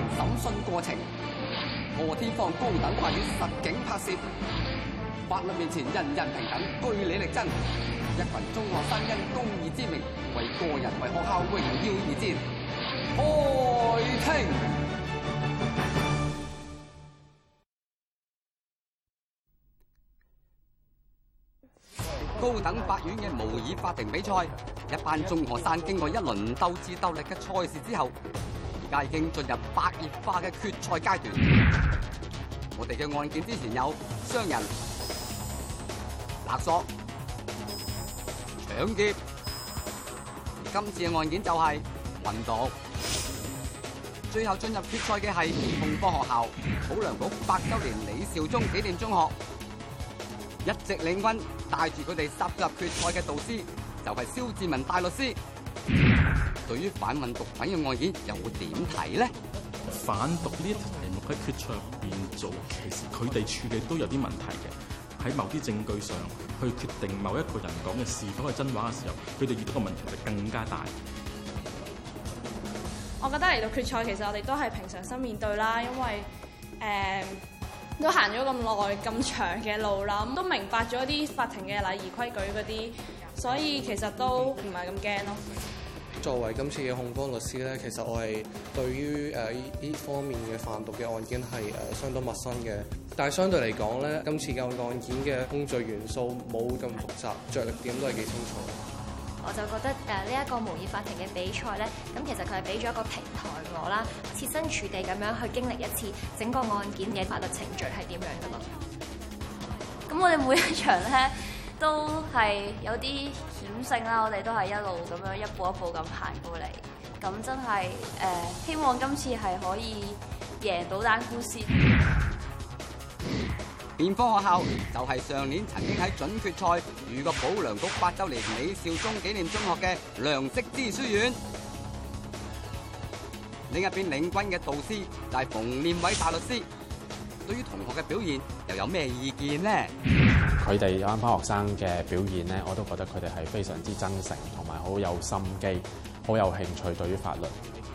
審訊過程，何天放高等法院實景拍攝。法律面前人人平等，據理力爭。一群中學生因公義之名，為個人為學校榮耀而戰。開庭。高等法院嘅模擬法庭比賽，一班中學生經過一輪鬥智鬥力嘅賽事之後，家已經進入白熱化嘅決賽階段，我哋嘅案件之前有傷人、勒索、搶劫，而今次嘅案件就係運毒。最後進入決賽嘅係紅光學校、保良局百周年李兆忠紀念中學，一直領軍帶住佢哋殺入決賽嘅導師就係、是、蕭志文大律師。對於販運毒品嘅案件，又會點睇咧？反毒呢一題目喺決賽入面做，其實佢哋處理都有啲問題嘅。喺某啲證據上去決定某一個人講嘅是否係真話嘅時候，佢哋遇到嘅問題就更加大。我覺得嚟到決賽，其實我哋都係平常心面對啦，因為誒、嗯、都行咗咁耐、咁長嘅路啦，咁都明白咗啲法庭嘅禮儀規矩嗰啲，所以其實都唔係咁驚咯。作為今次嘅控方律師咧，其實我係對於誒呢方面嘅販毒嘅案件係誒、呃、相當陌生嘅，但係相對嚟講咧，今次嘅案件嘅控罪元素冇咁複雜，着力點都係幾清楚的。我就覺得誒呢一個模擬法庭嘅比賽咧，咁其實佢係俾咗一個平台我啦，設身處地咁樣去經歷一次整個案件嘅法律程序係點樣噶嘛。咁我哋每一場咧，都係有啲險勝啦，我哋都係一路咁樣一步一步咁行過嚟，咁真係誒、呃、希望今次係可以贏到單官司。辯方學校就係、是、上年曾經喺準決賽遇過保良局百周年李兆忠紀念中學嘅梁式芝書院，另一邊領軍嘅導師就係、是、馮念偉大律師，對於同學嘅表現又有咩意見呢？佢哋有班學生嘅表現咧，我都覺得佢哋係非常之真誠，同埋好有心機，好有興趣對於法律。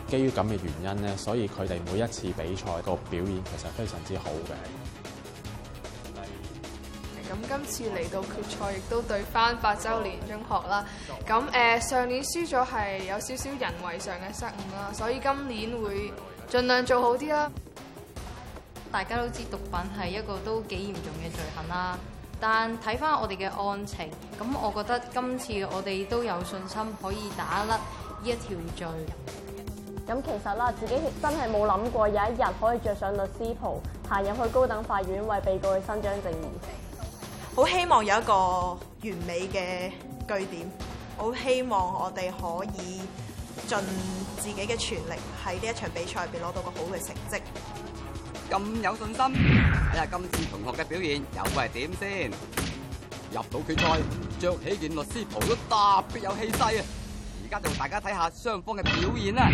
基於咁嘅原因咧，所以佢哋每一次比賽個表現其實非常之好嘅。咁、嗯、今次嚟到決賽，亦都對翻百周年中學啦。咁誒、呃、上年輸咗係有少少人為上嘅失誤啦，所以今年會盡量做好啲啦。大家都知道毒品係一個都幾嚴重嘅罪行啦。但睇翻我哋嘅案情，咁我覺得今次我哋都有信心可以打甩呢一條罪。咁其實啦，自己亦真係冇諗過有一日可以着上律師袍，行入去高等法院為被告去伸張正義。好希望有一個完美嘅據點。好希望我哋可以盡自己嘅全力，喺呢一場比賽裏面攞到個好嘅成績。咁有信心？睇下今次同學嘅表現又會係點先？入到決賽，着起件律師袍都特別有氣勢啊！而家就同大家睇下雙方嘅表現啦。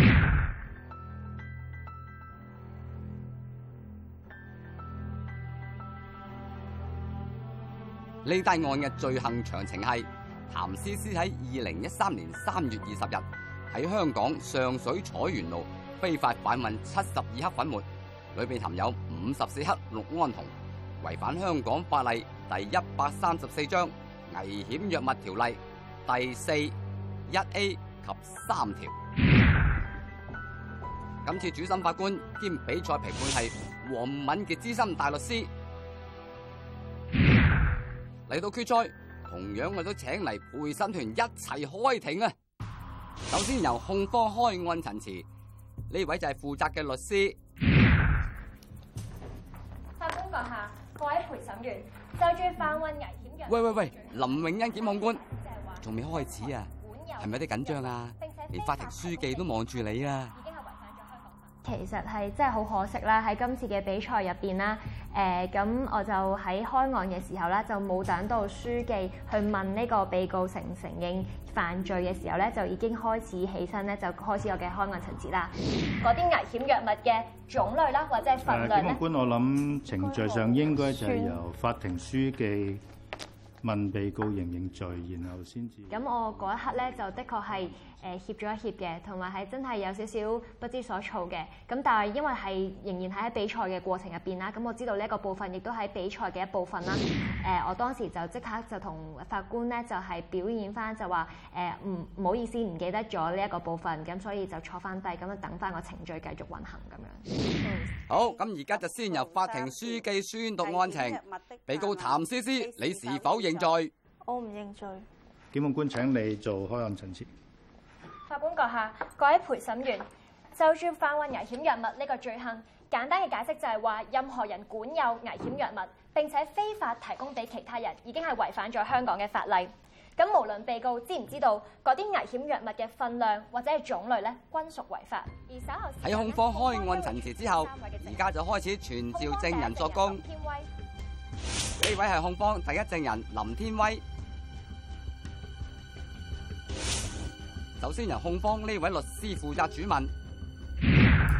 呢單 案嘅罪行詳情係：譚詩詩喺二零一三年三月二十日喺香港上水彩園路非法販運七十二克粉末。裏邊含有五十四克氯胺酮，違反香港法例第一百三十四章危險藥物條例第四一 A 及三條。今次主審法官兼比賽評判係黃敏傑資深大律師。嚟到決賽，同樣我都請嚟陪審團一齊開庭啊！首先由控方開案陳詞，呢位就係負責嘅律師。各位陪審員就最犯運危險嘅。喂喂喂，林永恩檢控官，仲未開始啊？係咪有啲緊張啊？連、啊、法庭書記都望住你啊。其實係真係好可惜啦，喺今次嘅比賽入邊啦，誒、呃、咁我就喺開案嘅時候啦，就冇等到書記去問呢個被告承唔承認犯罪嘅時候咧，就已經開始起身咧，就開始我嘅開案陳詞啦。嗰啲危險藥物嘅種類啦，或者係分量咧，啊、基本上我諗程序上應該就係由法庭書記問被告認認罪，然後先至。咁我嗰一刻咧，就的確係。誒協咗一協嘅，同埋係真係有少少不知所措嘅。咁但係因為係仍然係喺比賽嘅過程入邊啦，咁我知道呢一個部分亦都喺比賽嘅一部分啦。誒，我當時就即刻就同法官咧就係表演翻，就話誒唔唔好意思，唔記得咗呢一個部分，咁所以就坐翻低咁樣等翻個程序繼續運行咁樣。好，咁而家就先由法庭書記宣讀案情。是是被告譚詩詩是是，你是否認罪？我唔認罪。檢控官，請你做開案陳詞。法官閣下，各位陪審員，就住販運危險藥物呢個罪行，簡單嘅解釋就係話，任何人管有危險藥物，並且非法提供俾其他人，已經係違反咗香港嘅法例。咁無論被告知唔知道嗰啲危險藥物嘅分量或者係種類咧，均屬違法。而稍後喺控方開案陳詞之後，而家就開始傳召證人作供。呢位係控方第一證人林天威。首先由控方呢位律師負責主問。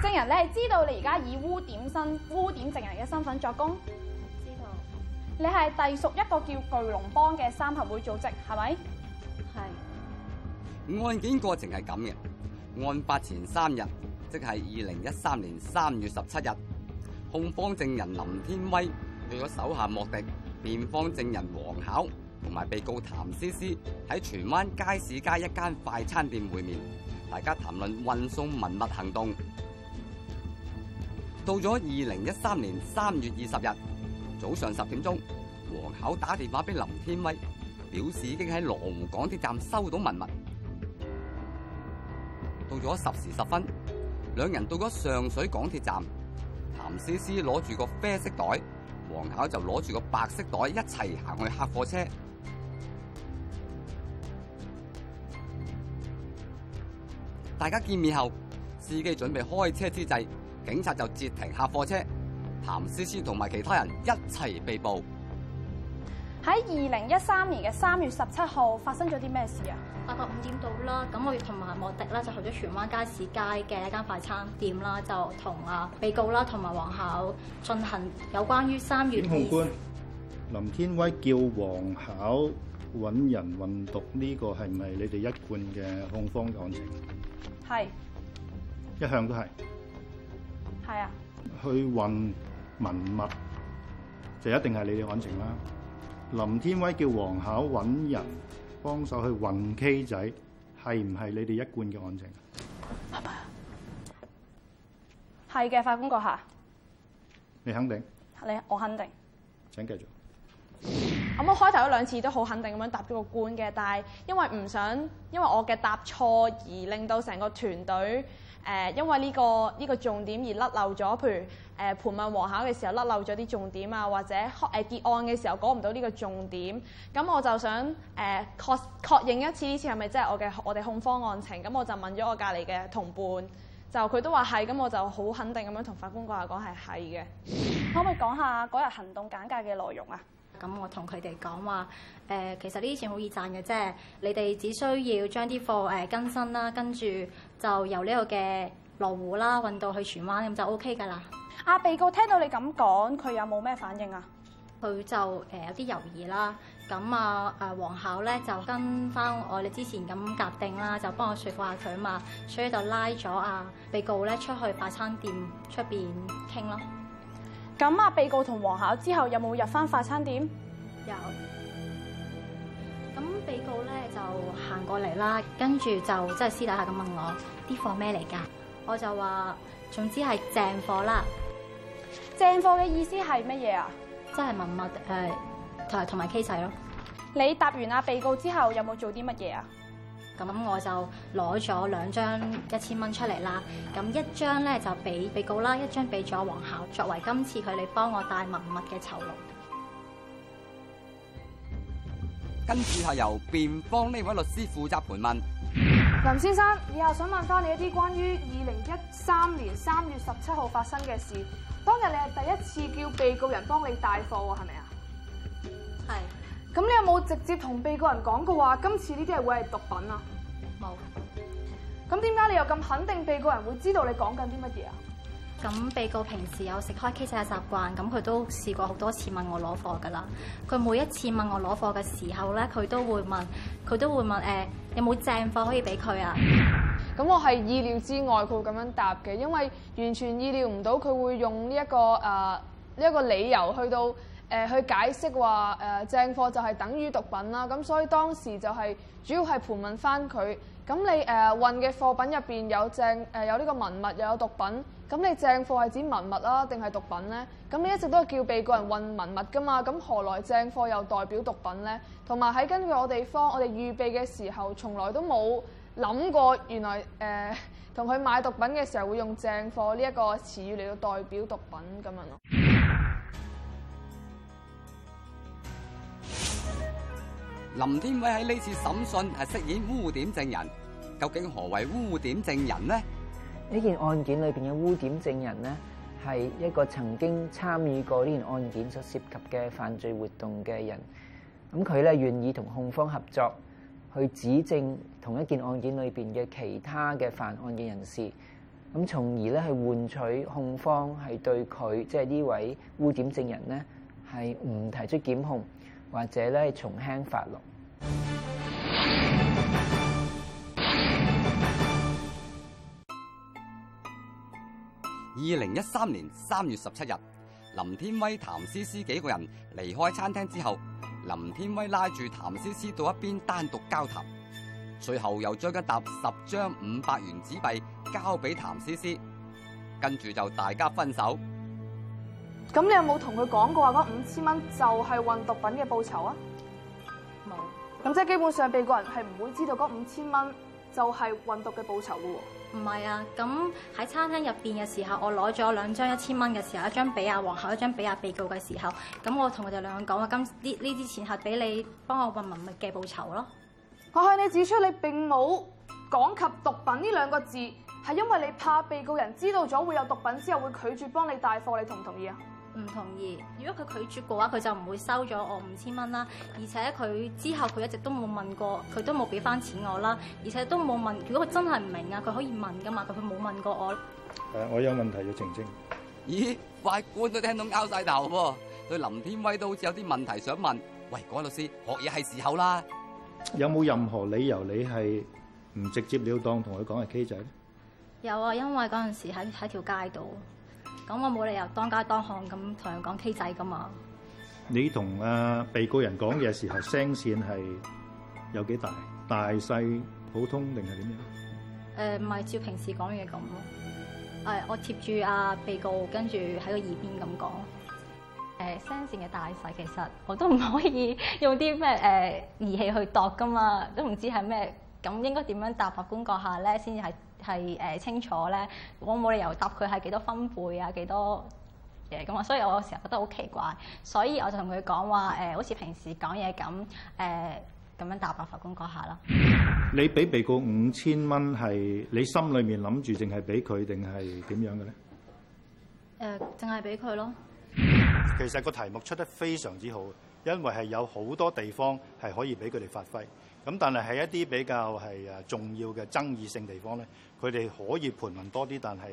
證人，你係知道你而家以污點身污點證人嘅身份作供？知道。你係隸屬一個叫巨龍幫嘅三合會組織，係咪？係。案件過程係咁嘅，案發前三日，即係二零一三年三月十七日，控方證人林天威、佢嘅手下莫迪、辯方證人王巧、同埋被告譚詩詩喺荃灣街市街一間快餐店會面，大家談論運送文物行動。到咗二零一三年三月二十日早上十點鐘，黃巧打電話俾林天威，表示已經喺羅湖港鐵站收到文物。到咗十時十分，兩人到咗上水港鐵站，譚詩詩攞住個啡色袋，黃巧就攞住個白色袋，一齊行去客貨車。大家見面後，司機準備開車之際，警察就截停下貨車。譚詩詩同埋其他人一齊被捕。喺二零一三年嘅三月十七號，發生咗啲咩事啊？大概五點到啦，咁我同埋莫迪啦，就去咗荃灣街市街嘅一間快餐店啦，就同啊被告啦同埋黃巧進行有關於三月。控官林天威叫黃巧揾人運毒，呢個係咪你哋一貫嘅控方案情？係，一向都係。係啊。去運文物就一定係你哋嘅案情啦。林天威叫黃巧揾人幫手去運 K 仔，係唔係你哋一貫嘅案情？係咪啊？係嘅，法官閣下。你肯定？你我肯定。請繼續。咁我開頭一兩次都好肯定咁樣答咗個官嘅，但係因為唔想因為我嘅答錯而令到成個團隊誒，因為呢個呢個重點而甩漏咗，譬如誒盤問王考嘅時候甩漏咗啲重點啊，或者誒結案嘅時候講唔到呢個重點。咁我就想誒確確認一次，呢次係咪真係我嘅我哋控方案情？咁我就問咗我隔離嘅同伴，就佢都話係，咁我就好肯定咁樣同法官講下講係係嘅。可唔可以講下嗰日行動簡介嘅內容啊？咁我同佢哋講話，誒、呃、其實呢啲錢好易賺嘅啫，你哋只需要將啲貨誒更新由這個啦，跟住就由呢個嘅羅湖啦運到去荃灣，咁就 O K 噶啦。阿、啊、被告聽到你咁講，佢有冇咩反應他、呃、啊？佢就誒有啲猶豫啦。咁啊誒黃巧咧就跟翻我哋之前咁夾定啦，就幫我說服下佢啊嘛，所以就拉咗阿、啊、被告咧出去快餐店出邊傾咯。咁啊，被告同黃考之後有冇入翻快餐店？有。咁被告咧就行過嚟啦，跟住就即係私底下咁問我啲貨咩嚟㗎？我就話總之係正貨啦。正貨嘅意思係乜嘢啊？即係文物誒，同同埋 K 仔咯。你答完啊，被告之後，有冇做啲乜嘢啊？咁我就攞咗兩張一千蚊出嚟啦，咁一張咧就俾被告啦，一張俾咗王校，作為今次佢哋幫我帶文物嘅酬勞。跟住係由辯方呢位律師負責盤問林先生。以下想問翻你一啲關於二零一三年三月十七號發生嘅事，當日你係第一次叫被告人幫你帶貨啊，係咪啊？咁你有冇直接同被告人講過的話？今次呢啲係會係毒品啊？冇。咁點解你又咁肯定被告人會知道你講緊啲乜嘢啊？咁被告平時有食開 K 仔嘅習慣，咁佢都試過好多次問我攞貨噶啦。佢每一次問我攞貨嘅時候咧，佢都會問，佢都會問誒、呃，有冇正貨可以俾佢啊？咁我係意料之外，佢會咁樣答嘅，因為完全意料唔到佢會用呢、這、一個誒呢一個理由去到。誒、呃、去解釋話誒正貨就係等於毒品啦，咁所以當時就係主要係盤問翻佢。咁你誒、呃、運嘅貨品入邊有正誒、呃、有呢個文物又有，有毒品，咁你正貨係指文物啊定係毒品呢？咁你一直都叫被告人運文物㗎嘛？咁何來正貨又代表毒品呢？同埋喺根據我地方，我哋預備嘅時候，從來都冇諗過原來誒同佢買毒品嘅時候會用正貨呢一個詞語嚟到代表毒品咁樣咯。林天偉喺呢次審訊係飾演污點證人，究竟何謂污點證人呢？呢件案件裏邊嘅污點證人咧，係一個曾經參與過呢件案件所涉及嘅犯罪活動嘅人，咁佢咧願意同控方合作，去指證同一件案件裏邊嘅其他嘅犯案嘅人士，咁從而咧係換取控方係對佢即係呢位污點證人咧，係唔提出檢控。或者咧係從輕發落。二零一三年三月十七日，林天威、譚詩詩幾個人離開餐廳之後，林天威拉住譚詩詩到一邊單獨交談，最後又將一沓十張五百元紙幣交俾譚詩詩，跟住就大家分手。咁你有冇同佢講過話嗰五千蚊就係運毒品嘅報酬啊？冇。咁即係基本上被告人係唔會知道嗰五千蚊就係運毒嘅報酬喎。唔係啊，咁喺餐廳入邊嘅時候，我攞咗兩張一千蚊嘅時候，一張俾阿皇后，一張俾阿被告嘅時候，咁我同佢哋兩個講話今啲呢啲錢係俾你幫我運文物嘅報酬咯。我向你指出，你並冇講及毒品呢兩個字，係因為你怕被告人知道咗會有毒品之後會拒絕幫你帶貨，你同唔同意啊？唔同意。如果佢拒絕嘅話，佢就唔會收咗我五千蚊啦。而且佢之後佢一直都冇問過，佢都冇俾翻錢我啦。而且都冇問。如果佢真係唔明啊，佢可以問噶嘛，但佢冇問過我。誒、啊，我有問題要澄清，清。咦，法官都聽到拗晒頭喎。對林天威都好似有啲問題想問。喂，嗰位律師，學嘢係時候啦。有冇任何理由你係唔直接了當同佢講係 K 仔咧？有啊，因為嗰陣時喺喺條街度。咁我冇理由當街當巷咁同人講 K 仔噶嘛？你同啊被告人講嘢時候聲線係有幾大？大細普通定係點樣？誒唔係照平時講嘢咁咯。我貼住啊被告，跟住喺個耳邊咁講。誒、呃、聲線嘅大細其實我都唔可以用啲咩誒儀器去度噶嘛，都唔知係咩。咁應該點樣答法官閣下咧先至係？係，誒、呃、清楚咧，我冇理由答佢係幾多分貝啊，幾多嘢咁啊，所以我有時候覺得好奇怪，所以我就同佢講話，誒、呃，好似平時講嘢咁誒，咁、呃、樣答白法官嗰下咯。你俾被告五千蚊，係你心裏面諗住淨係俾佢定係點樣嘅咧？誒、呃，淨係俾佢咯。其實個題目出得非常之好，因為係有好多地方係可以俾佢哋發揮。咁但係係一啲比較係誒重要嘅爭議性地方咧，佢哋可以盤問多啲，但係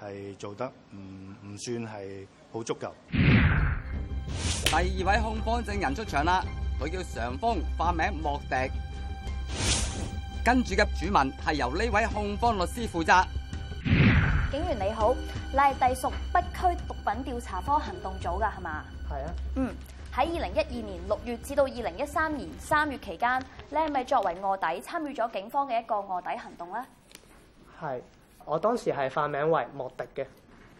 係做得唔唔算係好足夠。第二位控方證人出場啦，佢叫常峰，化名莫迪。跟住嘅主問係由呢位控方律師負責。警員你好，你係隸屬北區毒品調查科行動組㗎係嘛？係啊。嗯。喺二零一二年六月至到二零一三年三月期間，你係咪作為卧底參與咗警方嘅一個卧底行動呢？係，我當時係化名為莫迪嘅，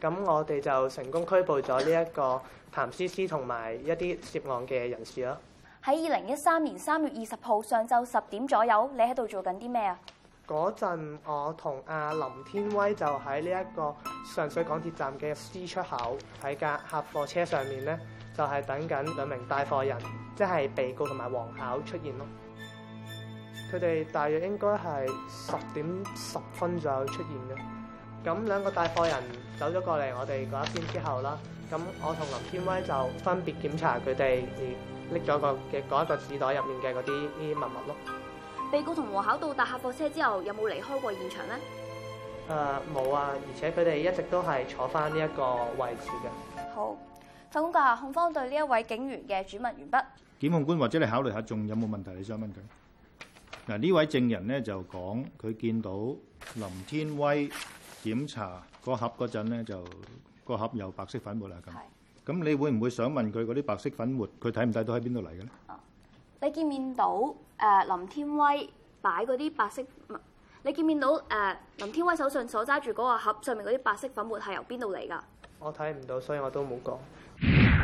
咁我哋就成功拘捕咗呢一個譚詩詩同埋一啲涉案嘅人士啦。喺二零一三年三月二十號上晝十點左右，你喺度做緊啲咩啊？嗰陣我同阿林天威就喺呢一個上水港鐵站嘅 C 出口喺架客貨車上面呢。就係、是、等緊兩名帶貨人，即係被告同埋黃巧出現咯。佢哋大約應該係十點十分左右出現嘅。咁兩個帶貨人走咗過嚟我哋嗰一邊之後啦，咁我同林天威就分別檢查佢哋而拎咗個嘅嗰一個紙袋入面嘅嗰啲啲物物咯。被告同黃巧到達客貨車之後，有冇離開過現場咧？誒、呃、冇啊，而且佢哋一直都係坐返呢一個位置嘅。好。法官閣下，控方對呢一位警員嘅主問完畢。檢控官或者你考慮下，仲有冇問題你想問佢？嗱，呢位證人咧就講，佢見到林天威檢查個盒嗰陣咧，就個盒有白色粉末啦。咁係咁，你會唔會想問佢嗰啲白色粉末？佢睇唔睇到喺邊度嚟嘅咧？你見面到誒林天威擺嗰啲白色，你見面到誒林天威手上所揸住嗰個盒上面嗰啲白色粉末係由邊度嚟㗎？我睇唔到，所以我都冇講。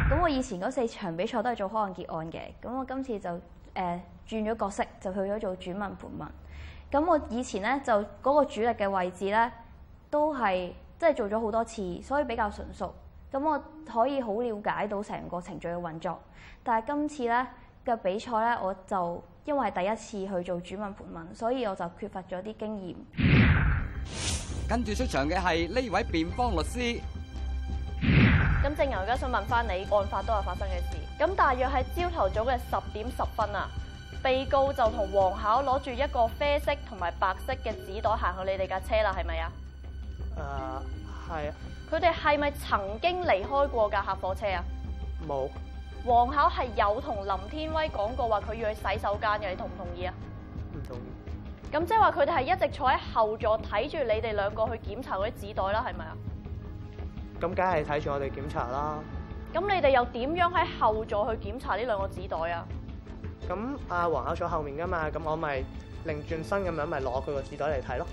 咁我以前嗰四場比賽都係做開案結案嘅，咁我今次就誒轉咗角色，就去咗做主問盤問。咁我以前咧就嗰個主力嘅位置咧，都係即係做咗好多次，所以比較純熟。咁我可以好了解到成個程序嘅運作。但係今次咧嘅比賽咧，我就因為係第一次去做主問盤問，所以我就缺乏咗啲經驗。跟住出場嘅係呢位辯方律師。咁正牛，而家想問翻你，案發當日發生嘅事。咁大約係朝頭早嘅十點十分啊，被告就同黃巧攞住一個啡色同埋白色嘅紙袋行去你哋架車啦，係咪、uh, 啊？誒，係啊。佢哋係咪曾經離開過架客貨車啊？冇。黃巧係有同林天威講過話，佢要去洗手間嘅，你同唔同意啊？唔同意。咁即係話佢哋係一直坐喺後座睇住你哋兩個去檢查佢啲紙袋啦，係咪啊？咁梗係睇住我哋檢查啦。咁你哋又點樣喺後座去檢查呢兩個紙袋啊？咁阿黃考坐後面噶嘛？咁我咪擰轉身咁樣咪攞佢個紙袋嚟睇咯。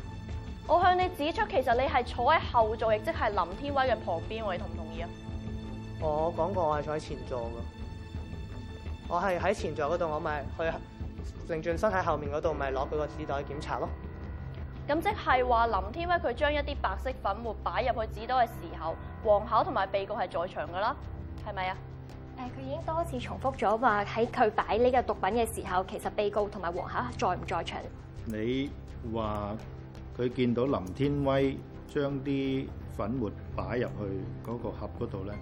我向你指出，其實你係坐喺後座，亦即係林天威嘅旁邊。我哋同唔同意啊？我講過我係坐喺前座噶，我係喺前座嗰度，我咪去擰轉身喺後面嗰度，咪攞佢個紙袋嚟檢查咯。咁即係話林天威佢將一啲白色粉末擺入去紙袋嘅時候，黃巧同埋被告係在場㗎啦，係咪啊？誒、嗯，佢已經多次重複咗話喺佢擺呢個毒品嘅時候，其實被告同埋黃巧在唔在場？你話佢見到林天威將啲粉末擺入去嗰個盒嗰度咧，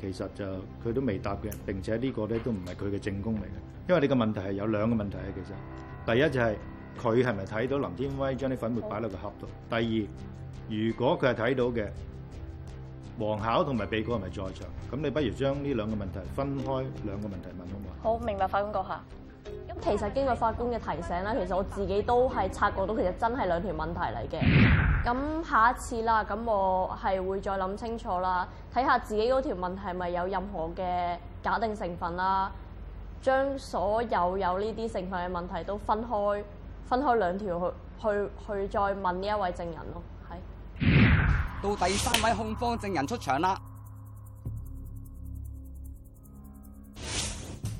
其實就佢都未答嘅。並且呢個咧都唔係佢嘅證供嚟嘅，因為你嘅問題係有兩個問題嘅其實，第一就係、是。佢係咪睇到林天威將啲粉末擺落個盒度？第二，如果佢係睇到嘅，黃巧同埋被告係咪在場？咁你不如將呢兩個問題分開兩個問題問好唔好？好，明白法官閣下。咁其實經過法官嘅提醒咧，其實我自己都係察覺到其實真係兩條問題嚟嘅。咁下一次啦，咁我係會再諗清楚啦，睇下自己嗰條問題係咪有任何嘅假定成分啦，將所有有呢啲成分嘅問題都分開。分開兩條去去去，去再問呢一位證人咯。係到第三位控方證人出場啦，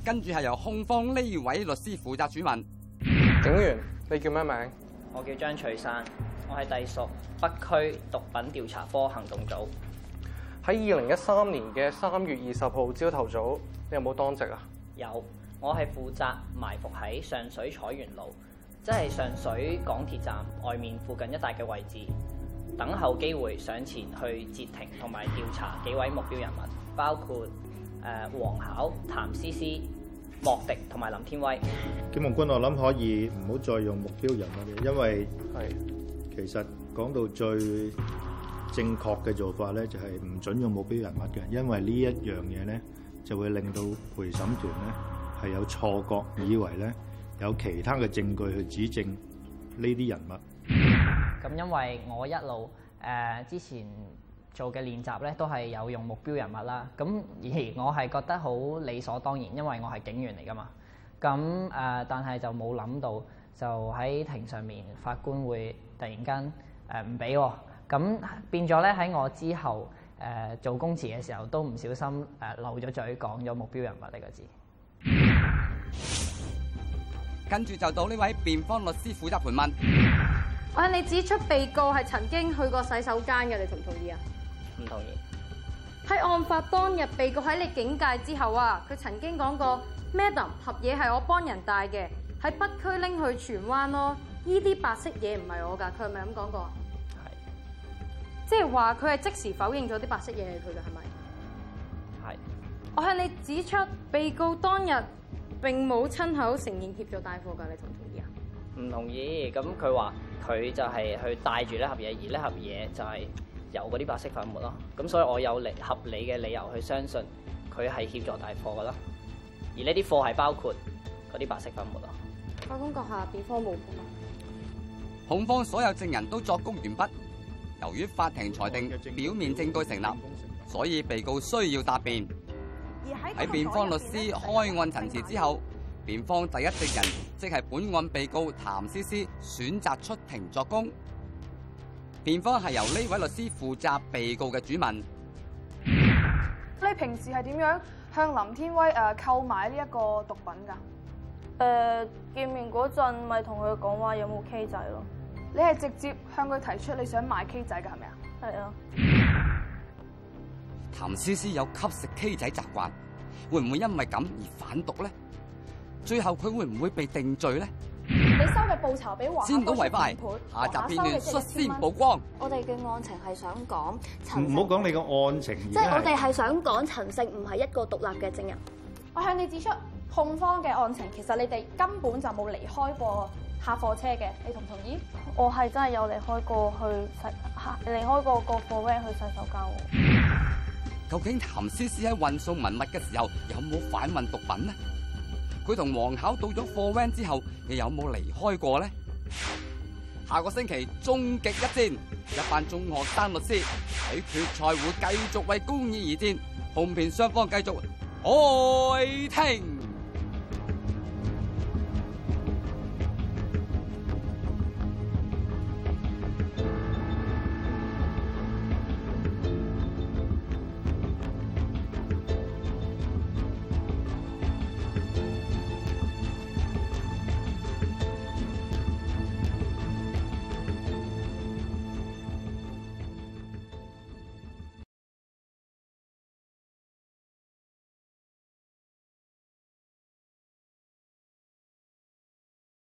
跟住係由控方呢位律師負責主問。警員，你叫咩名？我叫張翠珊，我係隸屬北區毒品調查科行動組。喺二零一三年嘅三月二十號朝頭早，你有冇當值啊？有，我係負責埋伏喺上水彩園路。即係上水港鐵站外面附近一帶嘅位置，等候機會上前去截停同埋調查幾位目標人物，包括誒黃巧、譚詩詩、莫迪同埋林天威。檢控官，我諗可以唔好再用目標人物，因為其實講到最正確嘅做法咧，就係唔準用目標人物嘅，因為呢一樣嘢咧就會令到陪審團咧係有錯覺，以為咧，有其他嘅證據去指證呢啲人物。咁因為我一路誒、呃、之前做嘅練習咧，都係有用目標人物啦。咁而我係覺得好理所當然，因為我係警員嚟㗎嘛。咁誒、呃，但係就冇諗到，就喺庭上面法官會突然間誒唔俾。咁、呃喔、變咗咧喺我之後誒、呃、做公詞嘅時候，都唔小心誒漏咗嘴講咗目標人物呢個字。嗯。跟住就到呢位辯方律師負責盤問。我向你指出，被告係曾經去過洗手間嘅，你同唔同意啊？唔同意。喺案發當日，被告喺你警戒之後啊，佢曾經講過，Madam，盒嘢係我幫人帶嘅，喺北區拎去荃灣咯。呢啲白色嘢唔係我噶，佢係咪咁講過？係。即係話佢係即時否認咗啲白色嘢係佢噶，係咪？係。我向你指出，被告當日。並冇親口承認協助帶貨噶，你同唔同意啊？唔同意，咁佢話佢就係去帶住呢盒嘢，而呢盒嘢就係由嗰啲白色粉末咯。咁所以我有理合理嘅理由去相信佢係協助帶貨噶咯。而呢啲貨係包括嗰啲白色粉末咯。法官閣下，辯方無言。控方所有證人都作供完畢，由於法庭裁定表面證據成立，所以被告需要答辯。喺辯方律師開案陳詞之後，辯方第一證人，即係本案被告譚詩詩，選擇出庭作供。辯方係由呢位律師負責被告嘅主問。你平時係點樣向林天威誒購買呢一個毒品噶？誒、呃，見面嗰陣咪同佢講話有冇 K 仔咯？你係直接向佢提出你想買 K 仔噶，係咪啊？係啊。譚詩詩有吸食 K 仔習慣，會唔會因為咁而販毒咧？最後佢會唔會被定罪咧？你收嘅報酬俾黃先到維派下集片段率先曝光。我哋嘅案情係想講陳，唔好講你嘅案情。即係我哋係想講陳姓唔係一個獨立嘅證人。我向你指出控方嘅案情，其實你哋根本就冇離開過客貨車嘅，你同唔同意？我係真係有離開過去洗下離開過個貨 van 去洗手間。究竟譚詩詩喺運送文物嘅時候有冇販運毒品呢？佢同黃巧到咗貨灣之後，又有冇離開過呢？下個星期終極一戰，一班中學生律師喺決賽會繼續為公義而戰，控辯雙方繼續開庭。